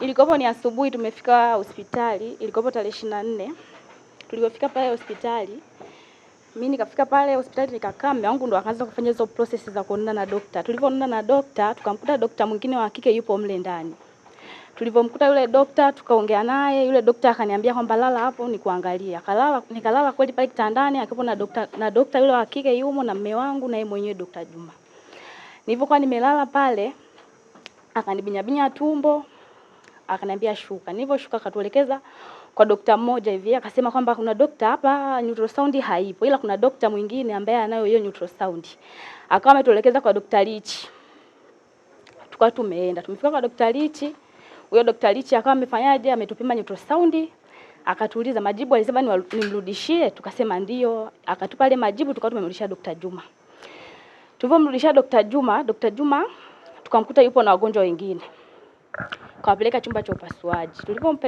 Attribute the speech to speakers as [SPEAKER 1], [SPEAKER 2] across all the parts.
[SPEAKER 1] ilikuwa ni asubuhi, tumefika hospitali, ilikuwa tarehe ishirini na nne. Tulivyofika pale hospitali, mimi nikafika pale hospitali nikakaa, mume wangu ndo akaanza kufanya hizo process za kuonana na daktari. Tulipoonana na daktari, tukamkuta daktari mwingine wa kike yupo mle ndani. Tulipomkuta yule daktari, tukaongea naye, yule daktari akaniambia kwamba lala hapo nikuangalia. Kalala, nikalala kweli pale kitandani akipo na daktari na daktari yule wa kike yumo na mume wangu na yeye mwenyewe daktari Juma. Nilipokuwa nimelala pale akanibinyabinya tumbo, akaniambia shuka. Nilivyoshuka akatuelekeza kwa dokta mmoja hivi, akasema kwamba kuna dokta hapa ultrasound haipo, ila kuna dokta mwingine ambaye anayo hiyo ultrasound. Akawa ametuelekeza kwa dokta Lichi, tukawa tumeenda tumefika kwa dokta Lichi. Huyo dokta Lichi akawa amefanyaje, ametupima ultrasound akatuuliza majibu, alisema ni nimrudishie, tukasema ndio, akatupa ile majibu, tukawa tumemrudishia dokta Juma. Tulivyomrudishia dokta Juma, dokta Juma tukamkuta yupo na wagonjwa wengine. Kawapeleka chumba cha upasuaji.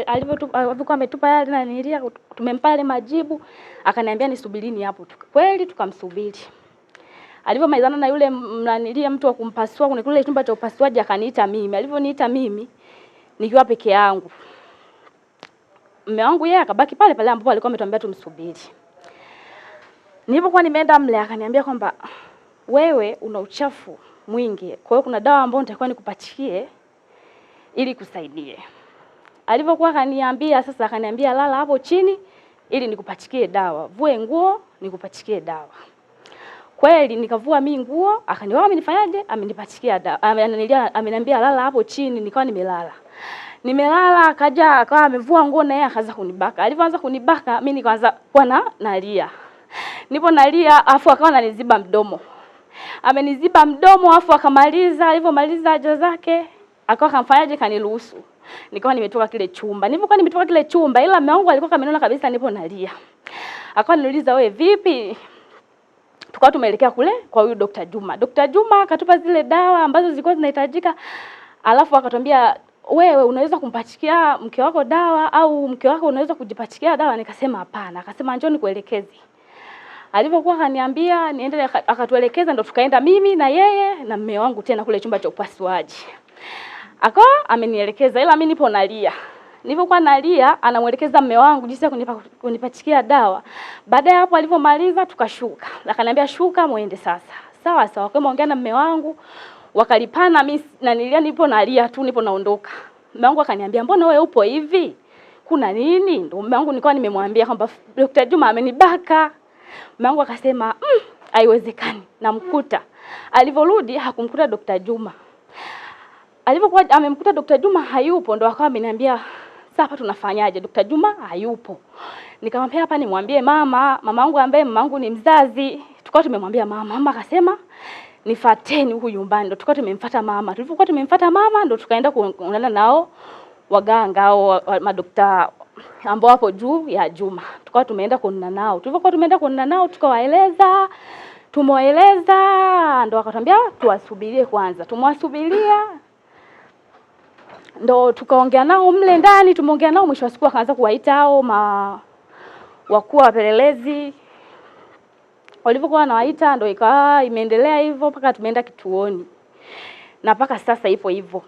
[SPEAKER 1] Alivyokuwa ametupa yale nanilia, tumempa yale majibu, akaniambia nisubirini hapo. Kweli tukamsubiri. Alivyomalizana na yule mnanilia mtu wa kumpasua kuna kule chumba cha upasuaji, akaniita mimi. Alivyoniita mimi nikiwa peke yangu, mume wangu yeye akabaki pale pale ambapo alikuwa ametuambia tumsubiri. Nilipokuwa nimeenda mle, akaniambia kwamba wewe una uchafu mwingi, kwa hiyo kuna dawa ambayo nitakuwa nikupatie ili kusaidie. Alivyokuwa kaniambia sasa, akaniambia lala hapo chini ili nikupachikie dawa, vue nguo nikupachikie dawa. Kweli nikavua mimi nguo, akaniwa amenifanyaje? Amenipachikia dawa, ameniambia lala hapo chini, nikawa nimelala nimelala akaja akawa amevua nguo na yeye akaanza kunibaka. Alivyoanza kunibaka mimi nikaanza kuwa na nalia. Nipo nalia afu akawa ananiziba mdomo. Ameniziba mdomo afu akamaliza, alivyomaliza haja zake akawa kamfanyaje, kaniruhusu nikawa nimetoka kile chumba. Nilipokuwa nimetoka kile chumba, ila mume wangu alikuwa kamenona kabisa, nipo nalia, akawa niuliza wewe vipi? Tukawa tumeelekea kule kwa huyu Dr. Juma. Dr. Juma akatupa zile dawa ambazo zilikuwa zinahitajika, alafu akatwambia wewe unaweza kumpachikia mke wako dawa au mke wako unaweza kujipachikia dawa. Nikasema hapana. Akasema njoo nikuelekeze. Alipokuwa akaniambia niende, akatuelekeza ndo tukaenda mimi na yeye na mume wangu tena kule chumba cha upasuaji. Akawa amenielekeza ila mimi nipo nalia. Nilipokuwa nalia anamuelekeza mume wangu jinsi ya kunipa, kunipachikia dawa. Baada ya hapo alipomaliza tukashuka. Akaniambia shuka muende sasa. Sawa sawa, kwa ongea na mume wangu wakalipana mimi na nilia, nipo nalia tu, nipo naondoka. Mume wangu akaniambia mbona wewe upo hivi? Kuna nini? Ndio mume wangu nilikuwa nimemwambia kwamba Dr. Juma amenibaka. Mume wangu akasema, mm, haiwezekani, namkuta. Alivorudi hakumkuta Dr. Juma. Alipokuwa amemkuta Dr. Juma hayupo, ndo akawa ameniambia sasa tunafanyaje? Dr. Juma hayupo. Nikamwambia hapa nimwambie mama, mama wangu ambaye mama wangu ni mzazi. Tukao tumemwambia mama, mama akasema nifateni huku nyumbani, ndo tukao tumemfuata mama. Tulipokuwa tumemfuata mama, ndo tukaenda kuonana nao waganga au madokta ambao wapo juu ya Juma. Tukao tumeenda kuonana nao. Tulipokuwa tumeenda kuonana nao, tukawaeleza tumewaeleza, ndo wakatambia tuwasubirie kwanza. Tumwasubiria ndo tukaongea nao mle ndani, tumeongea nao. Mwisho wa siku akaanza kuwaita hao ma wakuu wa wapelelezi. Walivyokuwa wanawaita, ndo ikawa imeendelea hivyo mpaka tumeenda kituoni na mpaka sasa ipo hivyo.